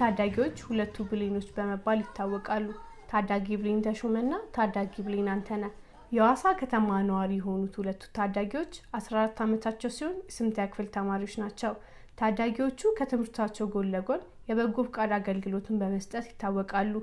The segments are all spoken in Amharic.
ታዳጊዎች ሁለቱ ብሌኖች በመባል ይታወቃሉ። ታዳጊ ብሌን ተሾመና ታዳጊ ብሌን አንተነ የዋሳ ከተማ ነዋሪ የሆኑት ሁለቱ ታዳጊዎች 14 ዓመታቸው ሲሆን የስምንተኛ ክፍል ተማሪዎች ናቸው። ታዳጊዎቹ ከትምህርታቸው ጎን ለጎን የበጎ ፍቃድ አገልግሎትን በመስጠት ይታወቃሉ።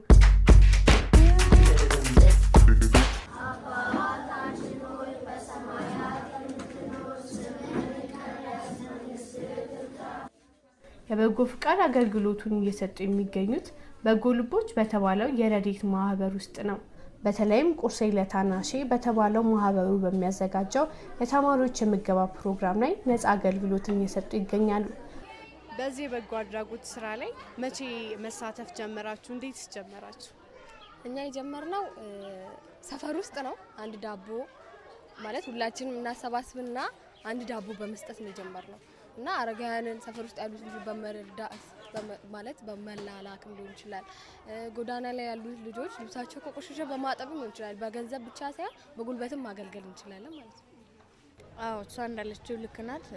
የበጎ ፍቃድ አገልግሎቱን እየሰጡ የሚገኙት በጎ ልቦች በተባለው የረዴት ማህበር ውስጥ ነው። በተለይም ቁርሴ ለታናሼ በተባለው ማህበሩ በሚያዘጋጀው የተማሪዎች የምገባ ፕሮግራም ላይ ነፃ አገልግሎትን እየሰጡ ይገኛሉ። በዚህ የበጎ አድራጎት ስራ ላይ መቼ መሳተፍ ጀመራችሁ? እንዴት ጀመራችሁ? እኛ የጀመርነው ሰፈር ውስጥ ነው። አንድ ዳቦ ማለት ሁላችንም እናሰባስብና አንድ ዳቦ በመስጠት ነው የጀመርነው እና አረጋውያንን ሰፈር ውስጥ ያሉት ልጆች በመርዳት ማለት በመላላክም ሊሆን ይችላል። ጎዳና ላይ ያሉት ልጆች ልብሳቸው ከቆሸሸ በማጠብም ሊሆን ይችላል። በገንዘብ ብቻ ሳይሆን በጉልበትም ማገልገል እንችላለን ማለት ነው። አዎ እሷ እንዳለችው ልክ ናት።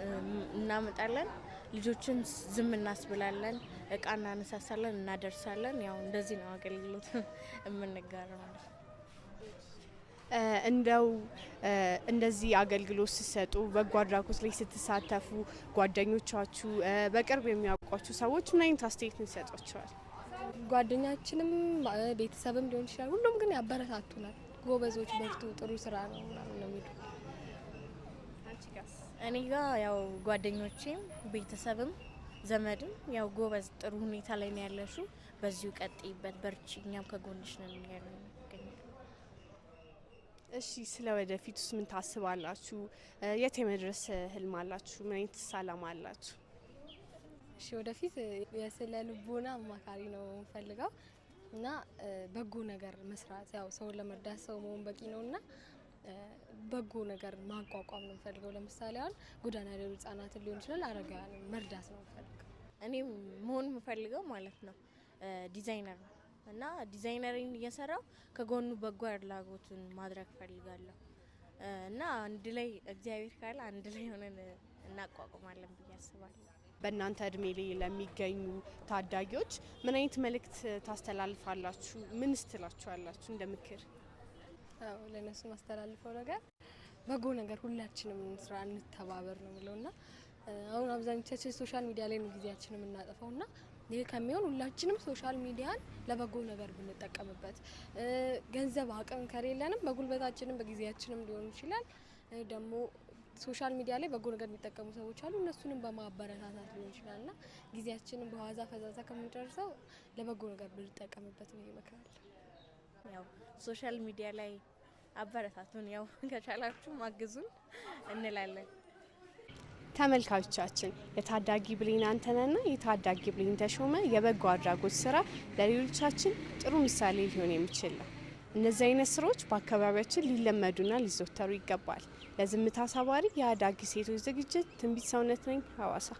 እናመጣለን፣ ልጆችን ዝም እናስብላለን፣ እቃ እናነሳሳለን፣ እናደርሳለን። ያው እንደዚህ ነው አገልግሎት የምንጋራ ማለት ነው። እንደው እንደዚህ አገልግሎት ሲሰጡ በጎ አድራጎት ላይ ስትሳተፉ ጓደኞቻችሁ፣ በቅርብ የሚያውቋችሁ ሰዎች ምን አይነት አስተያየት ይሰጧቸዋል? ጓደኛችንም ቤተሰብም ሊሆን ይችላል። ሁሉም ግን ያበረታቱናል። ጎበዞች፣ በርቱ፣ ጥሩ ስራ ነው ምናምን ነው የሚሉ እኔ ጋ ያው ጓደኞቼም ቤተሰብም ዘመድም ያው ጎበዝ፣ ጥሩ ሁኔታ ላይ ነው ያለሹ፣ በዚሁ ቀጥይበት፣ በርቺ፣ እኛም ከጎንሽ ነው ያለ እሺ ስለ ወደፊቱስ ምን ታስባላችሁ? የት የመድረስ ህልም አላችሁ? ምን አይነት አላማ አላችሁ? እሺ ወደፊት የስለ ልቦና አማካሪ ነው ፈልገው እና በጎ ነገር መስራት ያው ሰውን ለመርዳት ሰው መሆን በቂ ነው እና በጎ ነገር ማቋቋም ነው ፈልገው። ለምሳሌ አሁን ጎዳና ላይ ያሉ ህጻናትን ሊሆን ይችላል አረጋውያን መርዳት ነው ፈልገው። እኔም መሆን የምፈልገው ማለት ነው ዲዛይነር ነው እና ዲዛይነሪን እየሰራው ከጎኑ በጎ አድራጎቱን ማድረግ ፈልጋለሁ እና አንድ ላይ እግዚአብሔር ካለ አንድ ላይ ሆነን እናቋቁማለን ብዬ አስባለሁ። በእናንተ እድሜ ላይ ለሚገኙ ታዳጊዎች ምን አይነት መልእክት ታስተላልፋላችሁ? ምንስ ስትላችኋላችሁ? እንደ ምክር? ለእነሱ ማስተላልፈው ነገር በጎ ነገር ሁላችንም እንስራ፣ እንተባበር ነው ብለውና አሁን አብዛኞቻችን ሶሻል ሚዲያ ላይ ነው ጊዜያችን የምናጠፋውና ይህ ከሚሆን ሁላችንም ሶሻል ሚዲያን ለበጎ ነገር ብንጠቀምበት፣ ገንዘብ አቅም ከሌለንም በጉልበታችንም በጊዜያችንም ሊሆን ይችላል። ደግሞ ሶሻል ሚዲያ ላይ በጎ ነገር የሚጠቀሙ ሰዎች አሉ። እነሱንም በማበረታታት ሊሆን ይችላል እና ጊዜያችንን በዋዛ ፈዛዛ ከምንጨርሰው ለበጎ ነገር ብንጠቀምበት ነው ይመክራል። ያው ሶሻል ሚዲያ ላይ አበረታቱን፣ ያው ከቻላችሁ ማግዙን እንላለን። ተመልካቾቻችን የታዳጊ ብሌን አንተነና የታዳጊ ብሌን ተሾመ የበጎ አድራጎት ስራ ለሌሎቻችን ጥሩ ምሳሌ ሊሆን የሚችል ነው። እነዚህ አይነት ስራዎች በአካባቢያችን ሊለመዱና ሊዘወተሩ ይገባል። ለዝምታ ሰባሪ የአዳጊ ሴቶች ዝግጅት ትንቢት ሰውነት ነኝ ሀዋሳ